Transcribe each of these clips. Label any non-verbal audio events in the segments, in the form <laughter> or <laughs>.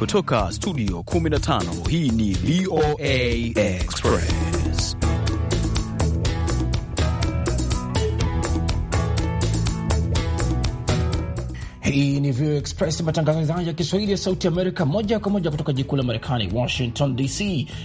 Kutoka studio 15 hii ni VOA Express. Hii ni VOA Express, matangazo ya idhaa ya Kiswahili ya Sauti Amerika, moja kwa moja kutoka jikuu la Marekani, Washington DC,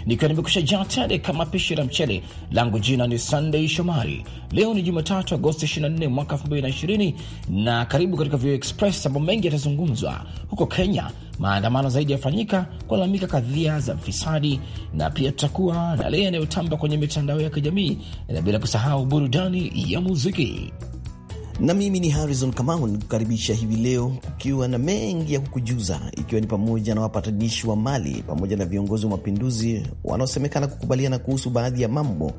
nikiwa nimekusha jaa tele kama pishi la mchele langu. Jina ni Sunday Shomari. Leo ni Jumatatu, Agosti 24 mwaka 2020, na karibu katika VOA Express, ambapo mengi yatazungumzwa huko Kenya Maandamano zaidi yafanyika kulalamika kadhia za fisadi na pia tutakuwa na lee yanayotamba kwenye mitandao ya kijamii, na bila kusahau burudani ya muziki na mimi ni Harrison Kamau nikukaribisha hivi leo kukiwa na mengi ya kukujuza, ikiwa ni pamoja na wapatanishi wa Mali pamoja na viongozi wa mapinduzi wanaosemekana kukubaliana kuhusu baadhi ya mambo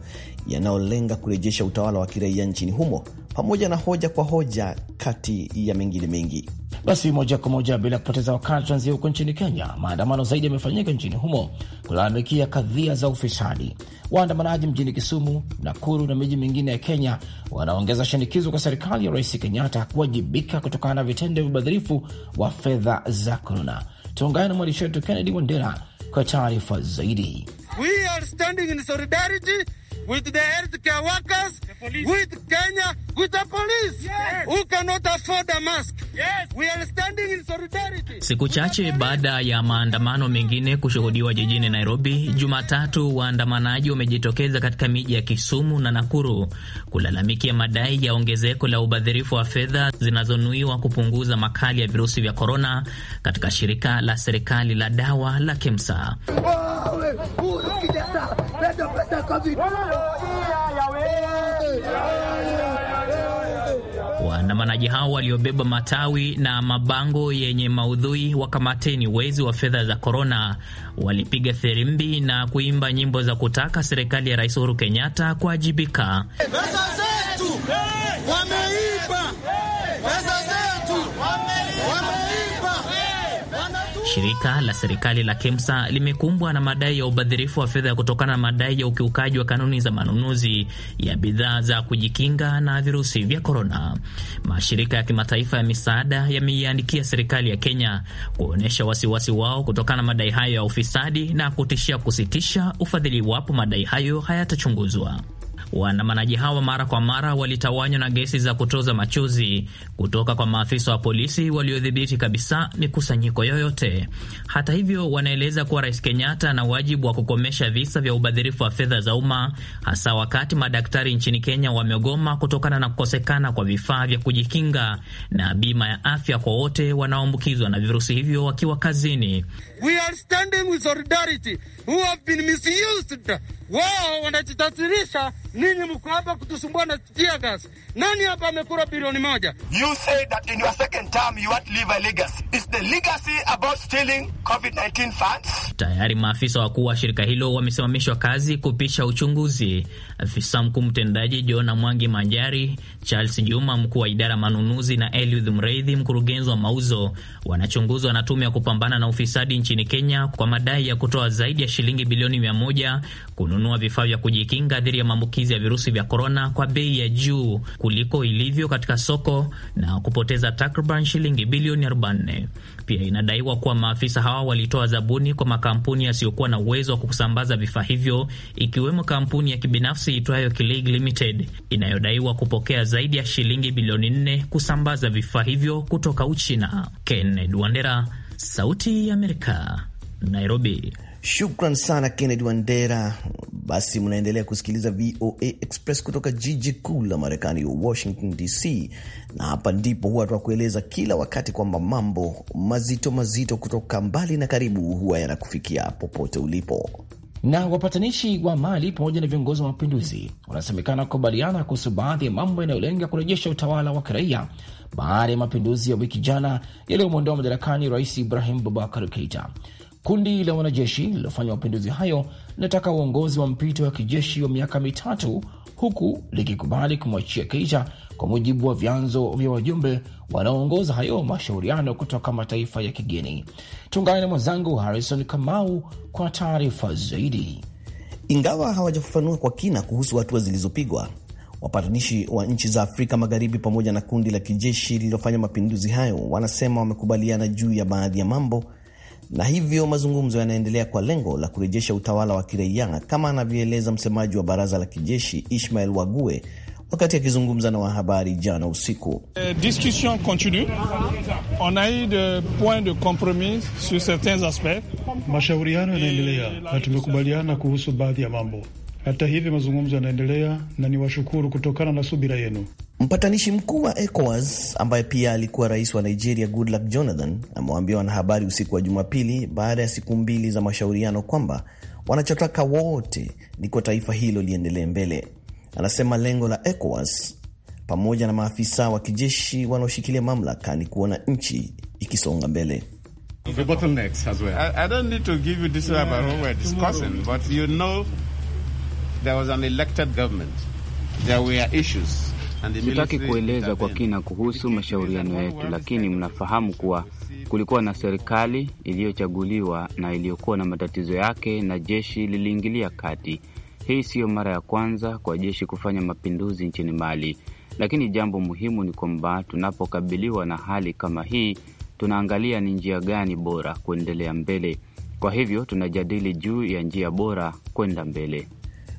yanayolenga kurejesha utawala wa kiraia nchini humo, pamoja na hoja kwa hoja, kati ya mengine mengi. Basi moja kwa moja bila kupoteza wakati, tuanzie huko nchini Kenya. Maandamano zaidi yamefanyika nchini humo kulalamikia kadhia za ufisadi. Waandamanaji mjini Kisumu, Nakuru na miji mingine ya Kenya wanaongeza shinikizo kwa serikali ya Rais Kenyatta kuwajibika kutokana na vitendo vya ubadhirifu wa fedha za korona. Tuungane na mwandishi wetu Kennedy Wandera kwa taarifa zaidi. We are standing in solidarity with the healthcare workers, the with Kenya, with the police yes, who cannot afford a mask. Yes, we are standing in solidarity. Siku chache baada ya maandamano mengine kushuhudiwa jijini Nairobi Jumatatu, waandamanaji wamejitokeza katika miji ya Kisumu na Nakuru kulalamikia madai ya ongezeko la ubadhirifu wa fedha zinazonuiwa kupunguza makali ya virusi vya korona katika shirika la serikali la dawa la KEMSA. Waandamanaji hao waliobeba matawi na mabango yenye maudhui wakamateni wezi wa fedha za korona, walipiga therimbi na kuimba nyimbo za kutaka serikali ya Rais Uhuru Kenyatta kuajibika. Pesa zetu Shirika la serikali la KEMSA limekumbwa na madai ya ubadhirifu wa fedha kutokana na madai ya ukiukaji wa kanuni za manunuzi ya bidhaa za kujikinga na virusi vya korona. Mashirika ya kimataifa ya misaada yameiandikia serikali ya Kenya kuonyesha wasiwasi wao kutokana na madai hayo ya ufisadi na kutishia kusitisha ufadhili iwapo madai hayo hayatachunguzwa. Waandamanaji hawa mara kwa mara walitawanywa na gesi za kutoza machozi kutoka kwa maafisa wa polisi waliodhibiti kabisa mikusanyiko yoyote. Hata hivyo, wanaeleza kuwa Rais Kenyatta ana wajibu wa kukomesha visa vya ubadhirifu wa fedha za umma, hasa wakati madaktari nchini Kenya wamegoma kutokana na kukosekana kwa vifaa vya kujikinga na bima ya afya kwa wote wanaoambukizwa na virusi hivyo wakiwa kazini. We are standing with solidarity who have been misused wao wanajitasirisha, ninyi mko hapa kutusumbua na tear gas. Nani hapa amekura bilioni moja? You say that in your second term you want leave a legacy. Is the legacy about stealing COVID-19 funds? Tayari maafisa wakuu wa shirika hilo wamesimamishwa kazi kupisha uchunguzi. Afisa mkuu mtendaji Jona Mwangi Manjari, Charles Juma mkuu wa idara manunuzi na Eliud Mreithi mkurugenzi wa mauzo wanachunguzwa na tume ya kupambana na ufisadi nchini Kenya kwa madai ya kutoa zaidi ya shilingi bilioni 100 kununua vifaa vya kujikinga dhidi ya maambukizi ya virusi vya korona kwa bei ya juu kuliko ilivyo katika soko na kupoteza takriban shilingi bilioni 4 Pia inadaiwa kuwa maafisa hawa walitoa zabuni kwa makampuni yasiyokuwa na uwezo wa kusambaza vifaa hivyo, ikiwemo kampuni ya kibinafsi itwayo Kilig Limited inayodaiwa kupokea zaidi ya shilingi bilioni 4 kusambaza vifaa hivyo kutoka Uchina. Kennedy Wandera, Sauti ya Amerika, Nairobi. Shukran sana Kennedy Wandera. Basi mnaendelea kusikiliza VOA Express kutoka jiji kuu la Marekani, Washington DC, na hapa ndipo huwa twakueleza kila wakati kwamba mambo mazito mazito kutoka mbali na karibu huwa yanakufikia popote ulipo. Na wapatanishi wa Mali pamoja na viongozi wa mapinduzi wanasemekana kukubaliana kuhusu baadhi ya mambo yanayolenga kurejesha utawala wa kiraia baada ya mapinduzi ya wiki jana yaliyomwondoa madarakani Rais Ibrahim Bubakar Keita. Kundi la wanajeshi lililofanya mapinduzi hayo linataka uongozi wa mpito wa kijeshi wa miaka mitatu, huku likikubali kumwachia Keita, kwa mujibu wa vyanzo vya wajumbe wanaoongoza hayo mashauriano kutoka mataifa ya kigeni. Tungane na mwenzangu Harrison Kamau kwa taarifa zaidi. Ingawa hawajafafanua kwa kina kuhusu hatua zilizopigwa, wapatanishi wa nchi za Afrika Magharibi pamoja na kundi la kijeshi lililofanya mapinduzi hayo wanasema wamekubaliana juu ya baadhi ya mambo na hivyo mazungumzo yanaendelea kwa lengo la kurejesha utawala wa kiraia, kama anavyoeleza msemaji wa baraza la kijeshi ishmael Wague wakati akizungumza na wahabari jana usiku. Eh, Mashauriano yanaendelea na tumekubaliana kuhusu baadhi ya mambo hata hivyo mazungumzo yanaendelea na niwashukuru kutokana na subira yenu. Mpatanishi mkuu wa ECOWAS ambaye pia alikuwa rais wa Nigeria Goodluck Jonathan amewaambia wanahabari usiku wa Jumapili baada ya siku mbili za mashauriano kwamba wanachotaka wote ni kwa taifa hilo liendelee mbele. Anasema lengo la ECOWAS pamoja na maafisa wa kijeshi wanaoshikilia mamlaka ni kuona nchi ikisonga mbele. The bottlenecks as well. I, I don't need to give you this yeah, we're discussing, but you know Sitaki kueleza kwa kina kuhusu mashauriano yetu, lakini mnafahamu kuwa kulikuwa na serikali iliyochaguliwa na iliyokuwa na matatizo yake, na jeshi liliingilia kati. Hii siyo mara ya kwanza kwa jeshi kufanya mapinduzi nchini Mali, lakini jambo muhimu ni kwamba tunapokabiliwa na hali kama hii, tunaangalia ni njia gani bora kuendelea mbele. Kwa hivyo tunajadili juu ya njia bora kwenda mbele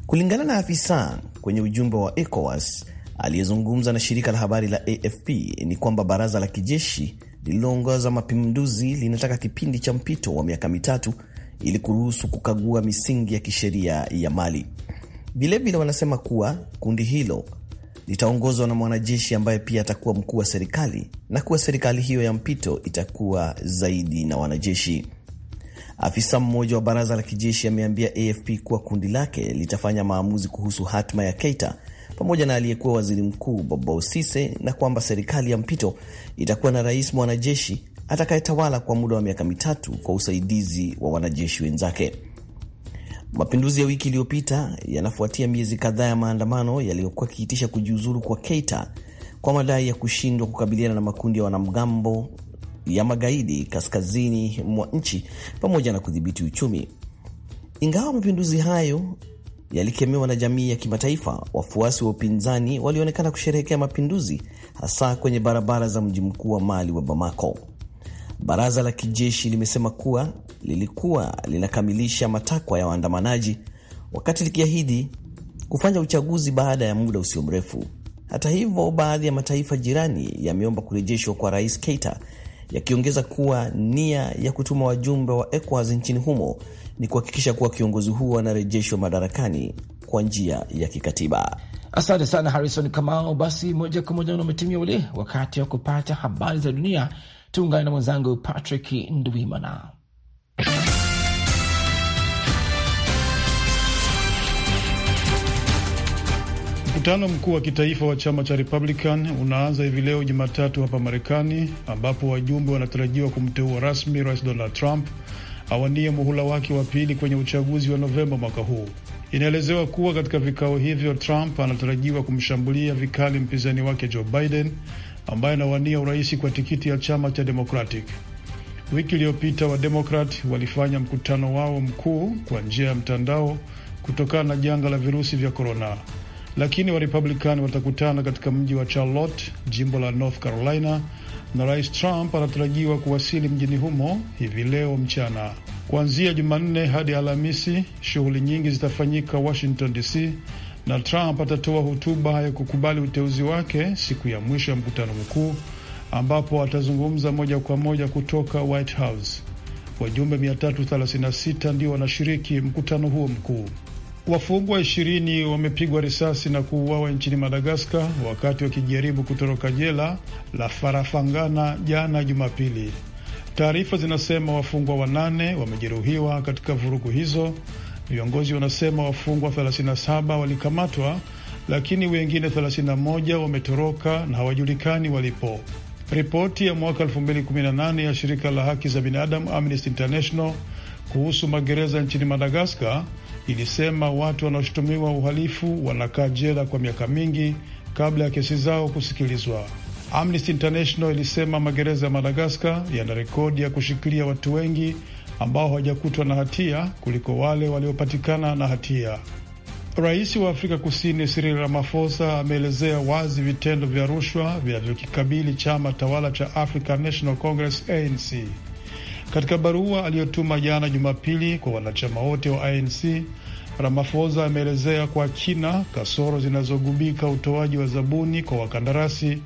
kulingana na afisa kwenye ujumbe wa ECOWAS aliyezungumza na shirika la habari la AFP ni kwamba baraza la kijeshi lililoongoza mapinduzi linataka kipindi cha mpito wa miaka mitatu ili kuruhusu kukagua misingi ya kisheria ya Mali. Vilevile wanasema kuwa kundi hilo litaongozwa na mwanajeshi ambaye pia atakuwa mkuu wa serikali na kuwa serikali hiyo ya mpito itakuwa zaidi na wanajeshi. Afisa mmoja wa baraza la kijeshi ameambia AFP kuwa kundi lake litafanya maamuzi kuhusu hatima ya Keita pamoja na aliyekuwa waziri mkuu Bobo na kwamba serikali ya mpito itakuwa na rais mwanajeshi atakayetawala kwa muda wa miaka mitatu kwa usaidizi wa wanajeshi wenzake. Mapinduzi ya wiki iliyopita yanafuatia miezi kadhaa ya maandamano yaliyokuwa kiitisha kujiuzuru kwa Keita kwa madai ya kushindwa kukabiliana na makundi ya wanamgambo ya magaidi kaskazini mwa nchi pamoja na kudhibiti uchumi. Ingawa mapinduzi hayo yalikemewa na jamii ya kimataifa, wafuasi wa upinzani walionekana kusherehekea mapinduzi hasa kwenye barabara za mji mkuu wa Mali wa Bamako. Baraza la kijeshi limesema kuwa lilikuwa linakamilisha matakwa ya waandamanaji wakati likiahidi kufanya uchaguzi baada ya muda usio mrefu. Hata hivyo, baadhi ya mataifa jirani yameomba kurejeshwa kwa Rais Keita yakiongeza kuwa nia ya kutuma wajumbe wa ECOWAS nchini humo ni kuhakikisha kuwa kiongozi huo anarejeshwa madarakani kwa njia ya kikatiba. Asante sana Harrison Kamao. Basi moja kwa moja unametimia ule wakati wa kupata habari za dunia. Tuungane na mwenzangu Patrick Ndwimana. Mkutano mkuu wa kitaifa wa chama cha Republican unaanza hivi leo Jumatatu hapa Marekani, ambapo wajumbe wanatarajiwa kumteua rasmi Rais Donald Trump awanie muhula wake wa pili kwenye uchaguzi wa Novemba mwaka huu. Inaelezewa kuwa katika vikao hivyo Trump anatarajiwa kumshambulia vikali mpinzani wake Joe Biden ambaye anawania urais kwa tikiti ya chama cha Democratic. Wiki iliyopita Wademokrat walifanya mkutano wao mkuu kwa njia ya mtandao kutokana na janga la virusi vya korona lakini Warepublikani watakutana katika mji wa Charlotte, jimbo la North Carolina, na Rais Trump anatarajiwa kuwasili mjini humo hivi leo mchana. Kuanzia Jumanne hadi Alhamisi, shughuli nyingi zitafanyika Washington DC na Trump atatoa hotuba ya kukubali uteuzi wake siku ya mwisho ya mkutano mkuu ambapo atazungumza moja kwa moja kutoka White House. Wajumbe 336 ndio wanashiriki mkutano huo mkuu. Wafungwa ishirini wamepigwa risasi na kuuawa nchini Madagaskar wakati wakijaribu kutoroka jela la Farafangana jana Jumapili. Taarifa zinasema wafungwa wanane wamejeruhiwa katika vurugu hizo. Viongozi wanasema wafungwa 37 walikamatwa, lakini wengine 31 wametoroka na hawajulikani walipo. Ripoti ya mwaka 2018 ya shirika la haki za binadamu Amnesty International kuhusu magereza nchini Madagaskar ilisema watu wanaoshutumiwa uhalifu wanakaa jela kwa miaka mingi kabla ya kesi zao kusikilizwa. Amnesty International ilisema magereza ya Madagaskar yana rekodi ya kushikilia watu wengi ambao hawajakutwa na hatia kuliko wale waliopatikana na hatia. Rais wa Afrika Kusini Cyril Ramaphosa ameelezea wazi vitendo vya rushwa vinavyokikabili chama tawala cha African National Congress ANC. Katika barua aliyotuma jana Jumapili kwa wanachama wote wa ANC, Ramaphosa ameelezea kwa kina kasoro zinazogubika utoaji wa zabuni kwa wakandarasi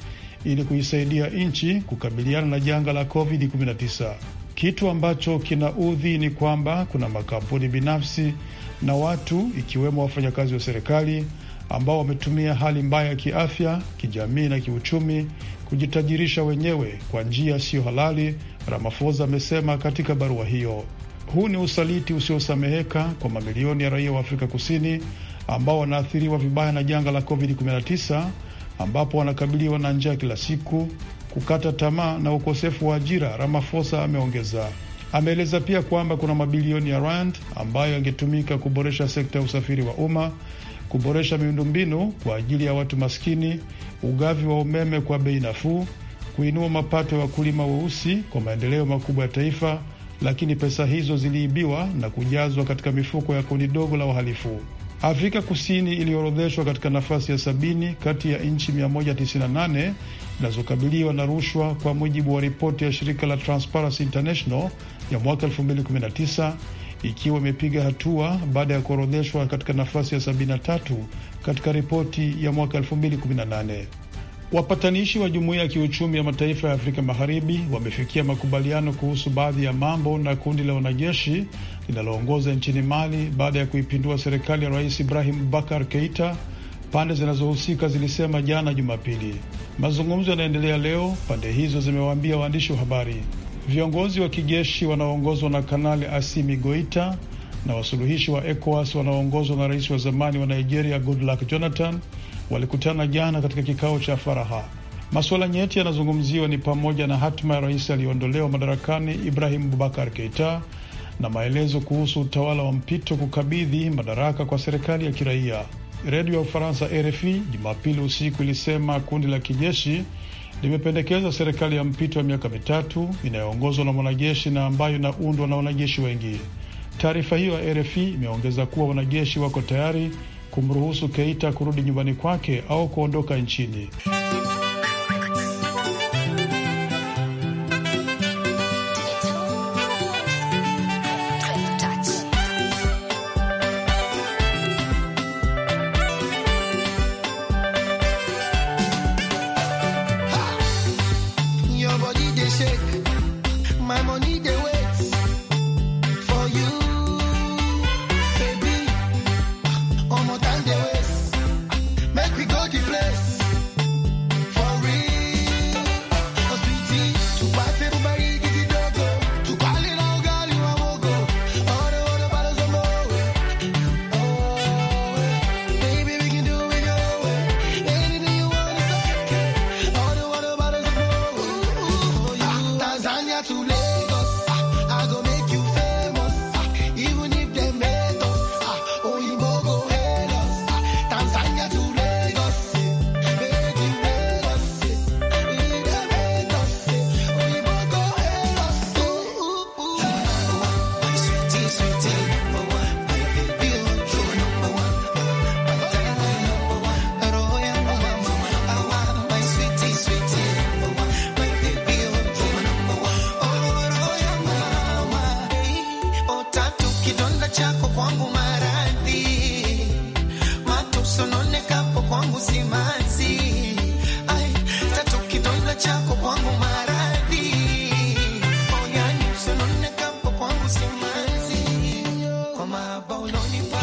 ili kuisaidia nchi kukabiliana na janga la COVID-19. Kitu ambacho kinaudhi ni kwamba kuna makampuni binafsi na watu ikiwemo wafanyakazi wa serikali ambao wametumia hali mbaya ya kiafya, kijamii na kiuchumi kujitajirisha wenyewe kwa njia siyo halali ramafosa amesema katika barua hiyo. Huu ni usaliti usiosameheka kwa mamilioni ya raia wa Afrika Kusini ambao wanaathiriwa vibaya na janga la COVID-19 ambapo wanakabiliwa na njaa kila siku, kukata tamaa na ukosefu wa ajira, ramafosa ameongeza. Ameeleza pia kwamba kuna mabilioni ya rand ambayo yangetumika kuboresha sekta ya usafiri wa umma, kuboresha miundombinu kwa ajili ya watu maskini, ugavi wa umeme kwa bei nafuu kuinua mapato ya wakulima weusi kwa maendeleo makubwa ya taifa, lakini pesa hizo ziliibiwa na kujazwa katika mifuko ya kundi dogo la wahalifu. Afrika Kusini iliorodheshwa katika nafasi ya sabini kati ya nchi 198 zinazokabiliwa na rushwa kwa mujibu wa ripoti ya shirika la Transparency International ya mwaka 2019 ikiwa imepiga hatua baada ya kuorodheshwa katika nafasi ya 73 katika ripoti ya mwaka 2018. Wapatanishi wa jumuiya ya kiuchumi ya mataifa ya Afrika Magharibi wamefikia makubaliano kuhusu baadhi ya mambo na kundi la wanajeshi linaloongoza nchini Mali baada ya kuipindua serikali ya Rais Ibrahim Bakar Keita, pande zinazohusika zilisema jana Jumapili. Mazungumzo yanaendelea leo, pande hizo zimewaambia waandishi wa habari. Viongozi wa kijeshi wanaoongozwa na Kanali Asimi Goita na wasuluhishi wa ECOWAS wanaoongozwa na rais wa zamani wa Nigeria Goodluck Jonathan walikutana jana katika kikao cha faraha. Masuala nyeti yanazungumziwa ni pamoja na hatima ya rais aliyeondolewa madarakani Ibrahim Bubakar Keita na maelezo kuhusu utawala wa mpito kukabidhi madaraka kwa serikali ya kiraia. Redio ya Ufaransa RFI Jumapili usiku ilisema kundi la kijeshi limependekeza serikali ya mpito ya miaka mitatu inayoongozwa na mwanajeshi na ambayo inaundwa na wanajeshi wengi. Taarifa hiyo ya RFI imeongeza kuwa wanajeshi wako tayari kumruhusu Keita kurudi nyumbani kwake au kuondoka nchini.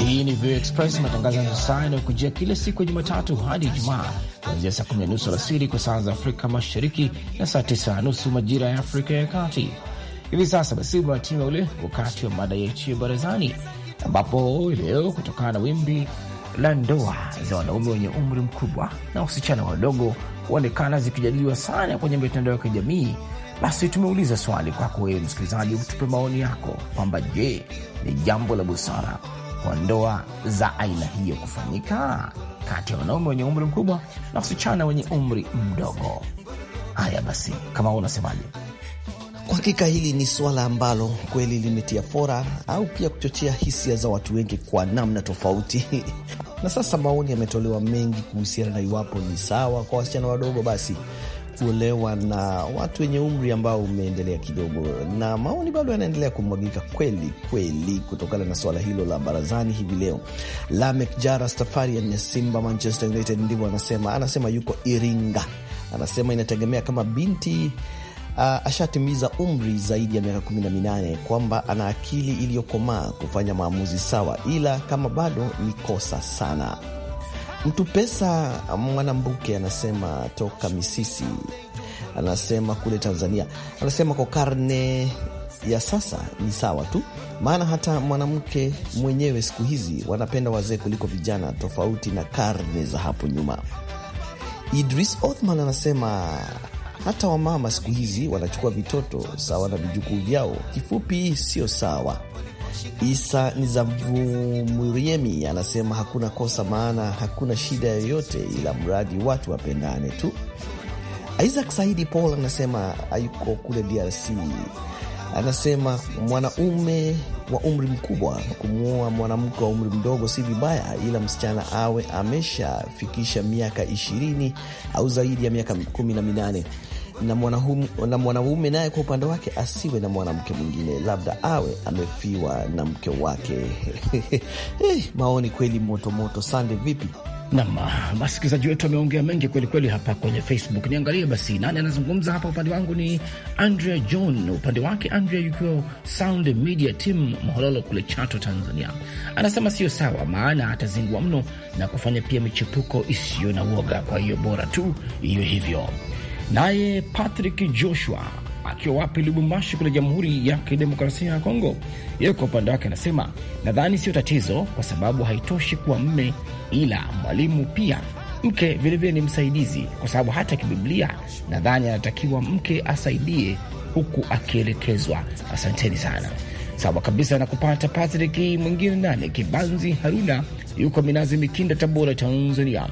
Hii ni VOA Express, matangazo ya saa yanayokujia kila siku ya Jumatatu hadi Ijumaa, kuanzia saa kumi na nusu alasiri kwa saa za Afrika Mashariki na saa tisa na nusu majira ya Afrika ya Kati. Hivi sasa basi umewatima ule wakati wa mada yetu ya barazani, ambapo leo kutokana na wimbi la ndoa za wanaume wenye umri mkubwa na wasichana wadogo huonekana zikijadiliwa sana kwenye mitandao ya kijamii, basi tumeuliza swali kwako wewe msikilizaji, utupe maoni yako kwamba je, ni jambo la busara kwa ndoa za aina hiyo kufanyika kati ya wanaume wenye umri mkubwa na wasichana wenye umri mdogo. Haya basi, kama unasemaje? Kwa hakika hili ni suala ambalo kweli limetia fora au pia kuchochea hisia za watu wengi kwa namna tofauti. <laughs> na sasa maoni yametolewa mengi kuhusiana na iwapo ni sawa kwa wasichana wadogo basi kuolewa na watu wenye umri ambao umeendelea kidogo, na maoni bado yanaendelea kumwagika kweli kweli kutokana na swala hilo la barazani hivi leo. Lamek Jara Stafarian ya Simba Manchester United ndivyo anasema. Anasema yuko Iringa, anasema inategemea kama binti Uh, ashatimiza umri zaidi ya miaka 18 kwamba ana akili iliyokomaa kufanya maamuzi sawa, ila kama bado ni kosa sana. Mtu pesa Mwanambuke anasema toka Misisi, anasema kule Tanzania, anasema kwa karne ya sasa ni sawa tu, maana hata mwanamke mwenyewe siku hizi wanapenda wazee kuliko vijana, tofauti na karne za hapo nyuma. Idris Othman anasema hata wamama siku hizi wanachukua vitoto sawa na vijukuu vyao. Kifupi, sio sawa. Isa Muriemi anasema hakuna kosa, maana hakuna shida yoyote, ila mradi watu wapendane tu. Isaac Saidi Paul anasema ayuko kule DRC, anasema mwanaume wa umri mkubwa kumwoa mwanamke wa umri mdogo si vibaya, ila msichana awe ameshafikisha miaka ishirini au zaidi ya miaka kumi na minane na mwanaume naye kwa upande wake asiwe na mwanamke mwingine, labda awe amefiwa na mke wake. Hey, <laughs> eh, maoni kweli motomoto. Sande, vipi? Nam, wasikilizaji wetu ameongea mengi kweli kweli hapa kwenye Facebook. Niangalie basi nani anazungumza hapa. Upande wangu ni Andrea John, upande wake Andrea yukiwa Sound Media Team Mhololo kule Chato, Tanzania, anasema sio sawa, maana atazingua mno na kufanya pia michepuko isiyo na uoga, kwa hiyo bora tu iwe hivyo. Naye Patrick Joshua akiwa wapi Lubumbashi kule Jamhuri ya Kidemokrasia ya Kongo, yeye kwa upande wake anasema nadhani sio tatizo, kwa sababu haitoshi kuwa mme, ila mwalimu pia mke vilevile ni msaidizi, kwa sababu hata kibiblia nadhani anatakiwa mke asaidie huku akielekezwa. Asanteni sana, sawa kabisa na kupata Patrick. Mwingine nane Kibanzi Haruna yuko Minazi Mikinda, Tabora, Tanzania,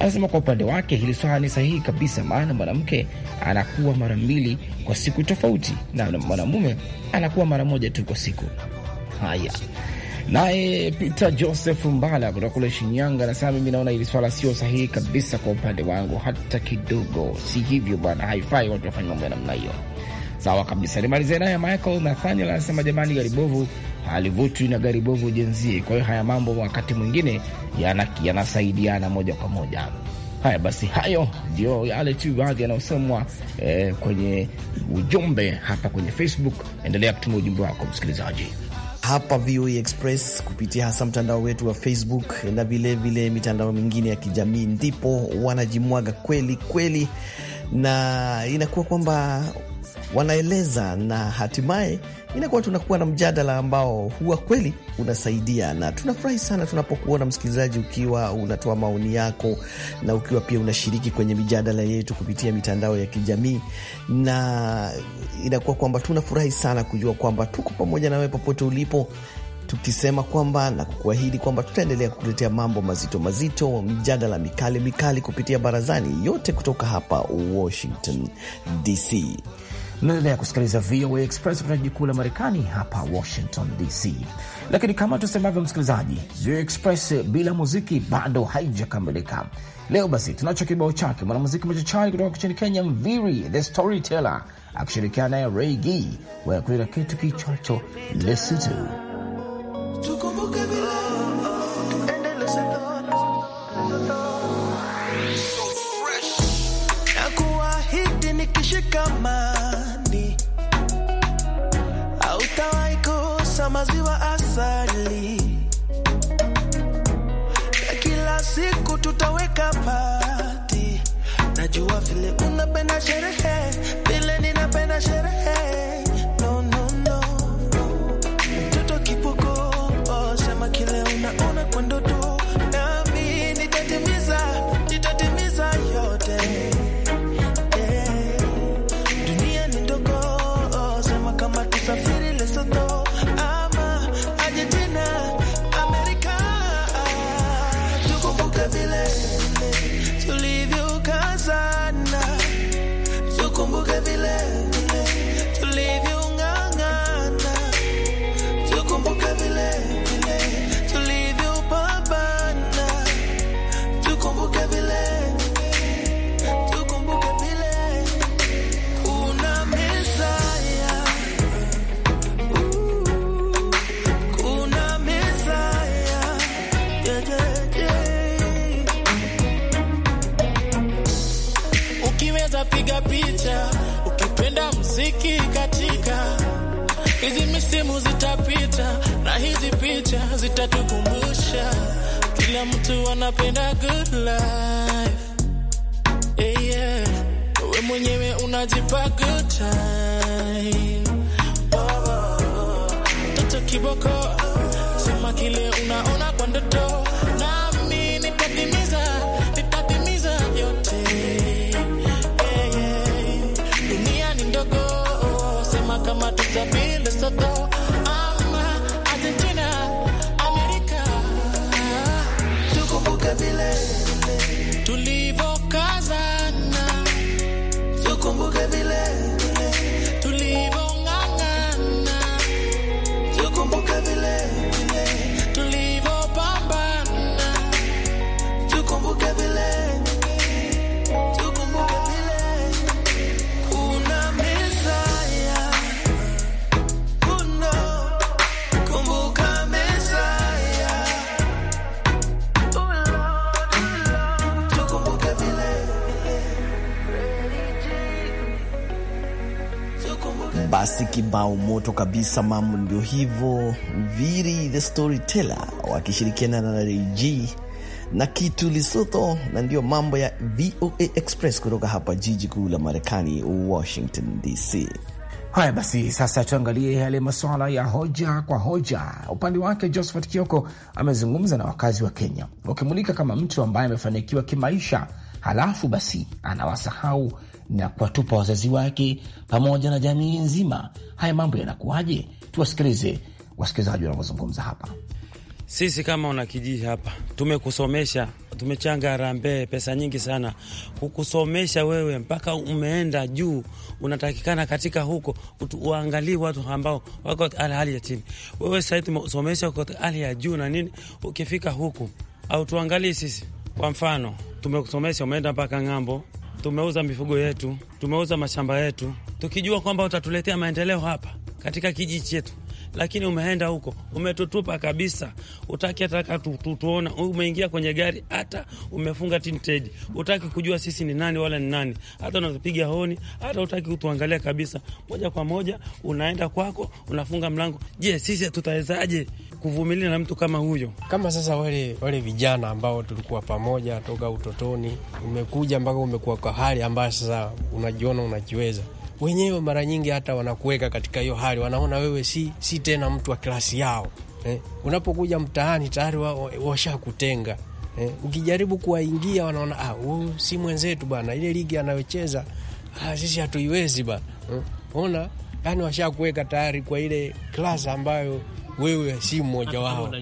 anasema kwa upande wake hili swala ni sahihi kabisa, maana mwanamke anakuwa mara mbili kwa siku tofauti na mwanamume anakuwa mara moja tu kwa siku. Haya, naye Peter Joseph Mbala kutoka kule Shinyanga anasema mimi naona hili swala sio sahihi kabisa kwa upande wangu, hata kidogo. Si hivyo bwana, haifai watu wafanye mambo ya namna hiyo. Sawa kabisa, nimalize naye Michael Nathaniel anasema jamani, garibovu alivutwi na garibovu jenzie. Kwa hiyo haya mambo wakati mwingine yanasaidiana yana moja kwa moja. Haya basi, hayo ndio yale tu baadhi yanayosomwa eh, kwenye ujumbe hapa kwenye Facebook. Endelea kutuma ujumbe wako msikilizaji hapa VOA e Express kupitia hasa mtandao wetu wa Facebook na vilevile mitandao mingine ya kijamii, ndipo wanajimwaga kweli kweli, na inakuwa kwamba wanaeleza, na hatimaye inakuwa tunakuwa na mjadala ambao huwa kweli unasaidia, na tunafurahi sana tunapokuona msikilizaji, ukiwa unatoa maoni yako na ukiwa pia unashiriki kwenye mijadala yetu kupitia mitandao ya kijamii, na inakuwa kwamba tunafurahi sana kujua kwamba tuko pamoja na wewe popote ulipo tukisema kwamba na kukuahidi kwamba tutaendelea kukuletea mambo mazito mazito, mijadala mikali mikali kupitia barazani, yote kutoka hapa Washington DC. Unaendelea kusikiliza VOA Express kutoka jiji kuu la Marekani hapa Washington DC. Lakini kama tusemavyo, msikilizaji, VOA Express eh, bila muziki bado haijakamilika. Leo basi tunacho kibao chake mwanamuziki machachari kutoka nchini Kenya, Mviri the Storyteller akishirikiana naye Ray Gee wakuleta kitu kichocho Lesitu. maziwa asali na kila siku, tutaweka pati. Najua vile unapenda sherehe, vile ninapenda sherehe muda mziki katika hizi misimu zitapita na hizi picha zitatukumbusha kila mtu anapenda good life. Hey, yeah. We mwenyewe unajipa good time toto kiboko sema kile unaona kwa ndoto Isabel, it's a dog. kibao moto kabisa. Mambo ndio hivyo, Viri the Storyteller wakishirikiana na Reg na kitu Lisoto, na ndiyo mambo ya VOA Express kutoka hapa jiji kuu la Marekani, Washington DC. Haya basi, sasa tuangalie yale masuala ya hoja kwa hoja. Upande wake Josephat Kioko amezungumza na wakazi wa Kenya wakimulika kama mtu ambaye amefanikiwa kimaisha, halafu basi anawasahau na kuwatupa wazazi wake pamoja na jamii nzima. Haya mambo yanakuwaje? Tuwasikilize wasikilizaji wanavyozungumza hapa. Sisi kama wanakijiji hapa tumekusomesha, tumechanga harambee pesa nyingi sana kukusomesha wewe mpaka umeenda juu. Unatakikana katika huko uangalie watu ambao wako hali ya chini. Wewe sahii tumesomesha hali ya juu na nini, ukifika huku au tuangalie sisi. Kwa mfano, tumekusomesha umeenda mpaka ng'ambo tumeuza mifugo yetu, tumeuza mashamba yetu, tukijua kwamba utatuletea maendeleo hapa katika kijiji chetu lakini umeenda huko umetutupa kabisa, utaki hataka tutuona. Umeingia kwenye gari hata umefunga tinted, utaki kujua sisi ni nani wala ni nani, hata unatupiga honi, hata utaki kutuangalia kabisa. Moja kwa moja unaenda kwako, unafunga mlango. Je, sisi tutawezaje kuvumilia na mtu kama huyo? Kama sasa wale wale vijana ambao tulikuwa pamoja toka utotoni, umekuja mpaka umekuwa kwa hali ambayo sasa unajiona unakiweza wenyewe mara nyingi hata wanakuweka katika hiyo hali, wanaona wewe si, si tena mtu wa klasi yao eh. Unapokuja mtaani tayari washakutenga wa, eh. Ukijaribu kuwaingia wanaona ah, uh, si mwenzetu bana, ile ligi anayocheza ah, sisi hatuiwezi bana eh. Ona yani washakuweka tayari kwa ile klasi ambayo wewe si mmoja wao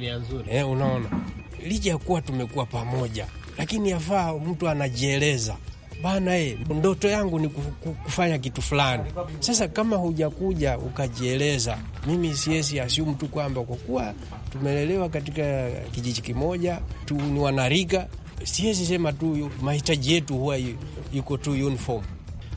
eh, unaona licha ya kuwa tumekuwa pamoja, lakini yafaa mtu anajieleza bana e, ndoto yangu ni kufanya kitu fulani. Sasa kama hujakuja ukajieleza, mimi siwezi asiumu tu kwamba kwa kuwa tumelelewa katika kijiji kimoja tu ni wanarika, siwezi sema tu mahitaji yetu huwa iko tu uniform.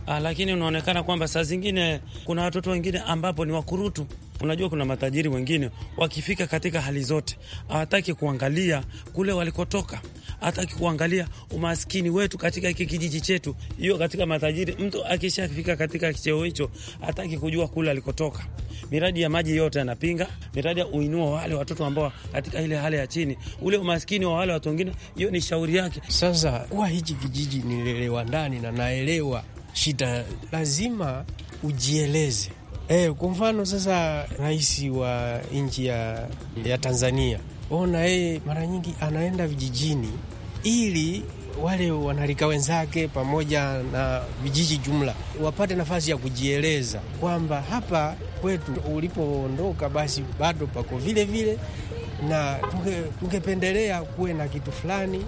Ah, lakini unaonekana kwamba saa zingine kuna watoto wengine ambapo ni wakurutu. Unajua, kuna matajiri wengine wakifika katika hali zote hawataki kuangalia kule walikotoka, hata kuangalia umaskini wetu katika hiki kijiji chetu, hiyo katika matajiri. Mtu akishafika katika kicheo hicho hataki kujua kule alikotoka. Miradi ya maji yote anapinga, miradi ya uinua wale watoto ambao katika ile hali ya chini, ule umaskini wa wale watu wengine, hiyo ni shauri yake. Sasa kwa hichi kijiji nilelewa ndani na naelewa shida, lazima ujieleze. E, kwa mfano sasa rais wa nchi ya, ya Tanzania ona yeye mara nyingi anaenda vijijini ili wale wanarika wenzake pamoja na vijiji jumla wapate nafasi ya kujieleza kwamba hapa kwetu ulipoondoka basi bado pako vile vile, na tungependelea kuwe na kitu fulani.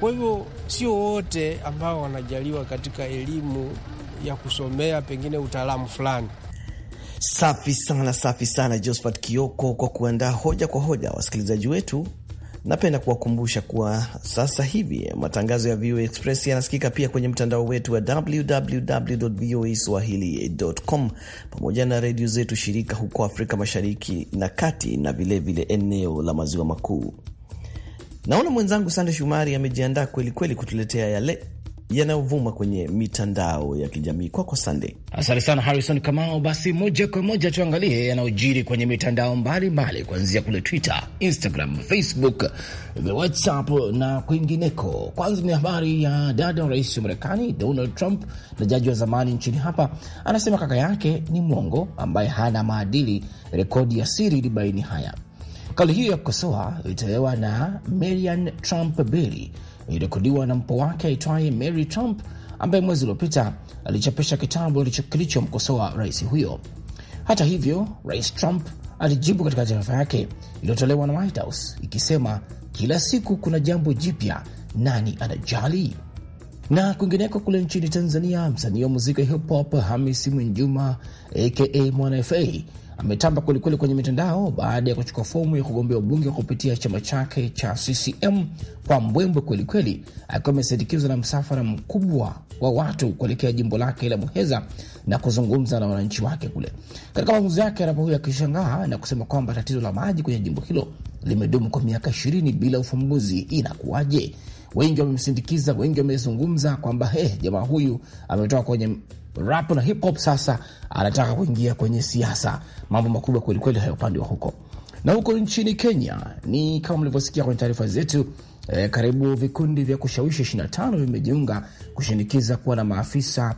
Kwa hivyo sio wote ambao wanajaliwa katika elimu ya kusomea pengine utaalamu fulani Safi sana, safi sana Josphat Kioko kwa kuandaa hoja kwa hoja. Wasikilizaji wetu, napenda kuwakumbusha kuwa sasa hivi matangazo ya VOA Express yanasikika pia kwenye mtandao wetu wa www voa swahili.com pamoja na redio zetu shirika huko Afrika Mashariki na Kati na vilevile vile eneo la maziwa makuu. Naona mwenzangu Sande Shumari amejiandaa kwelikweli kutuletea yale yanayovuma kwenye mitandao ya kijamii. Kwako Sande. Asante sana Harrison Kamao. Basi moja kwa moja tuangalie yanayojiri kwenye mitandao mbalimbali, kuanzia kule Twitter, Instagram, Facebook, WhatsApp na kwingineko. Kwanza ni habari ya dada wa rais wa Marekani Donald Trump na jaji wa zamani nchini hapa, anasema kaka yake ni mwongo ambaye hana maadili. Rekodi ya siri ilibaini haya. Kauli hiyo ya kukosoa ilitolewa na Marian Trump bely ilirekodiwa na mpo wake aitwaye Mary Trump ambaye mwezi uliopita alichapisha kitabu kilichomkosoa rais huyo. Hata hivyo, rais Trump alijibu katika taarifa yake iliyotolewa na White House ikisema kila siku kuna jambo jipya, nani anajali? Na kwingineko kule nchini Tanzania, msanii wa muziki wa hip hop Hamisi Mwinjuma aka Mwana FA ametamba kwelikweli kwenye mitandao baada ya kuchukua fomu ya kugombea ubunge kupitia chama chake cha CCM kwa mbwembwe kwelikweli, akiwa amesindikizwa na msafara mkubwa wa watu kuelekea jimbo lake la Muheza na kuzungumza na wananchi wake kule. Katika mazungumzo yake, Arapa huyo akishangaa na kusema kwamba tatizo la maji kwenye jimbo hilo limedumu kwa miaka ishirini bila ufumbuzi. Inakuwaje? Wengi wamemsindikiza, wengi wamezungumza kwamba hey, eh, jamaa huyu ametoka kwenye rap na hip hop, sasa anataka kuingia kwenye siasa. Mambo makubwa kwelikweli hayo upande wa huko na huko nchini Kenya ni kama mlivyosikia kwenye taarifa zetu eh, karibu vikundi vya kushawishi 25 vimejiunga kushinikiza kuwa na maafisa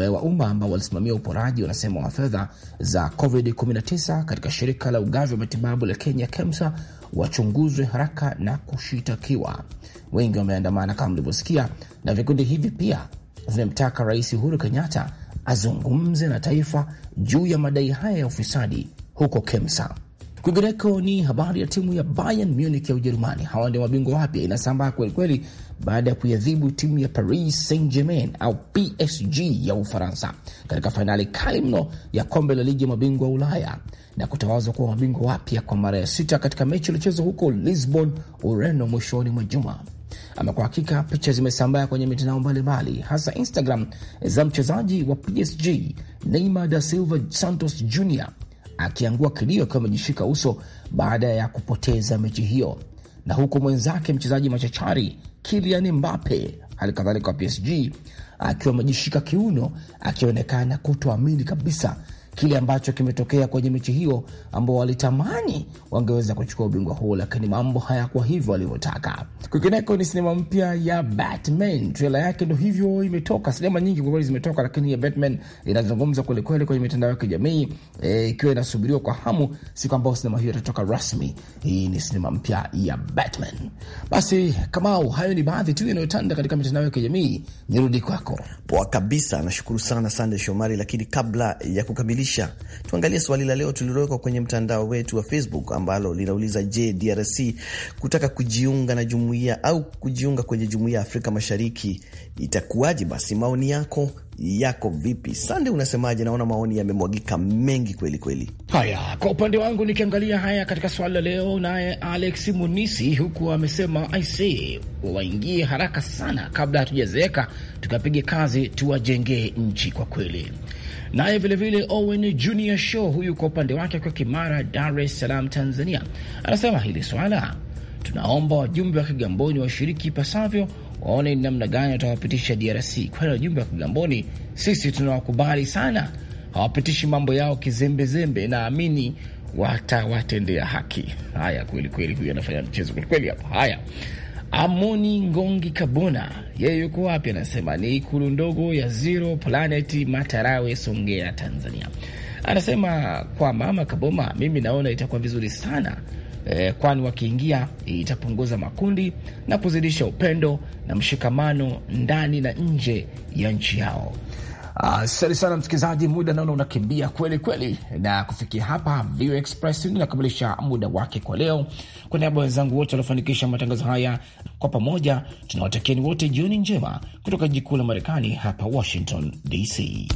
eh, wa umma ambao walisimamia uporaji wanasema wa fedha za COVID-19 katika shirika la ugavi wa matibabu la Kenya KEMSA wachunguzwe haraka na kushitakiwa. Wengi wameandamana kama mlivyosikia, na vikundi hivi pia vimemtaka Rais Uhuru Kenyatta azungumze na taifa juu ya madai haya ya ufisadi huko Kemsa. Kwingineko ni habari ya timu ya Bayern Munich ya Ujerumani. Hawa ndio mabingwa wapya, inasambaa kwelikweli baada ya kuiadhibu timu ya Paris Saint Germain au PSG ya Ufaransa katika fainali kali mno ya kombe la ligi ya mabingwa wa Ulaya na kutawazwa kuwa mabingwa wapya kwa mara ya sita katika mechi iliochezwa huko Lisbon, Ureno mwishoni mwa juma. Ama kwa hakika picha zimesambaa kwenye mitandao mbalimbali, hasa Instagram, za mchezaji wa PSG Neymar da Silva Santos Jr akiangua kilio akiwa amejishika uso baada ya kupoteza mechi hiyo, na huku mwenzake mchezaji machachari Kylian Mbappe hali kadhalika wa PSG akiwa amejishika kiuno akionekana kutoamini kabisa kile ambacho kimetokea kwenye mechi hiyo, ambao walitamani wangeweza kuchukua ubingwa huo, lakini mambo hayakuwa hivyo walivyotaka. Kwingineko ni sinema mpya ya Batman, trela yake ndo hivyo imetoka. Sinema nyingi kwa kweli zimetoka, lakini ya Batman inazungumza kwelikweli kwenye mitandao ya kijamii eh, ikiwa e, inasubiriwa kwa hamu siku ambao sinema hiyo itatoka rasmi. Hii ni sinema mpya ya Batman. Basi Kamau, hayo ni baadhi tu yanayotanda katika mitandao ya kijamii. Nirudi kwako. Poa kabisa, nashukuru sana Sande Shomari, lakini kabla ya kukamilisha kuwakilisha. Tuangalie swali la leo tulilowekwa kwenye mtandao wetu wa Facebook ambalo linauliza je, DRC kutaka kujiunga na jumuiya au kujiunga kwenye jumuiya ya Afrika Mashariki itakuwaje? Basi maoni yako yako vipi? Sande, unasemaje? Naona maoni yamemwagika mengi kweli kweli. Haya, kwa upande wangu nikiangalia haya katika swali la leo, naye Alex Munisi huku amesema ic waingie haraka sana kabla hatujazeeka, tukapige kazi tuwajengee nchi. Kwa kweli Naye vilevile Owen Junior Show, huyu kwa upande wake kwa Kimara, Dar es Salaam, Tanzania, anasema hili swala, tunaomba wajumbe wa Kigamboni washiriki ipasavyo, waone ni namna gani watawapitisha DRC. Kwani wajumbe wa Kigamboni sisi tunawakubali sana, hawapitishi mambo yao kizembezembe, naamini watawatendea haki. Haya, kweli kweli, huyu anafanya mchezo kweli kweli Haya. Amoni Ngongi Kabona, yeye yuko wapi? Anasema ni ikulu ndogo ya Zero Planet Matarawe, Songea, Tanzania. Anasema kwa mama Kaboma, mimi naona itakuwa vizuri sana eh, kwani wakiingia itapunguza makundi na kuzidisha upendo na mshikamano ndani na nje ya nchi yao. Ah, asante sana msikilizaji, muda naona unakimbia kweli kweli, na kufikia hapa VOA Express inakamilisha muda wake kwa leo. Kwa niaba wenzangu wote waliofanikisha matangazo haya, kwa pamoja tunawatakieni wote jioni njema kutoka jikuu la Marekani hapa Washington DC.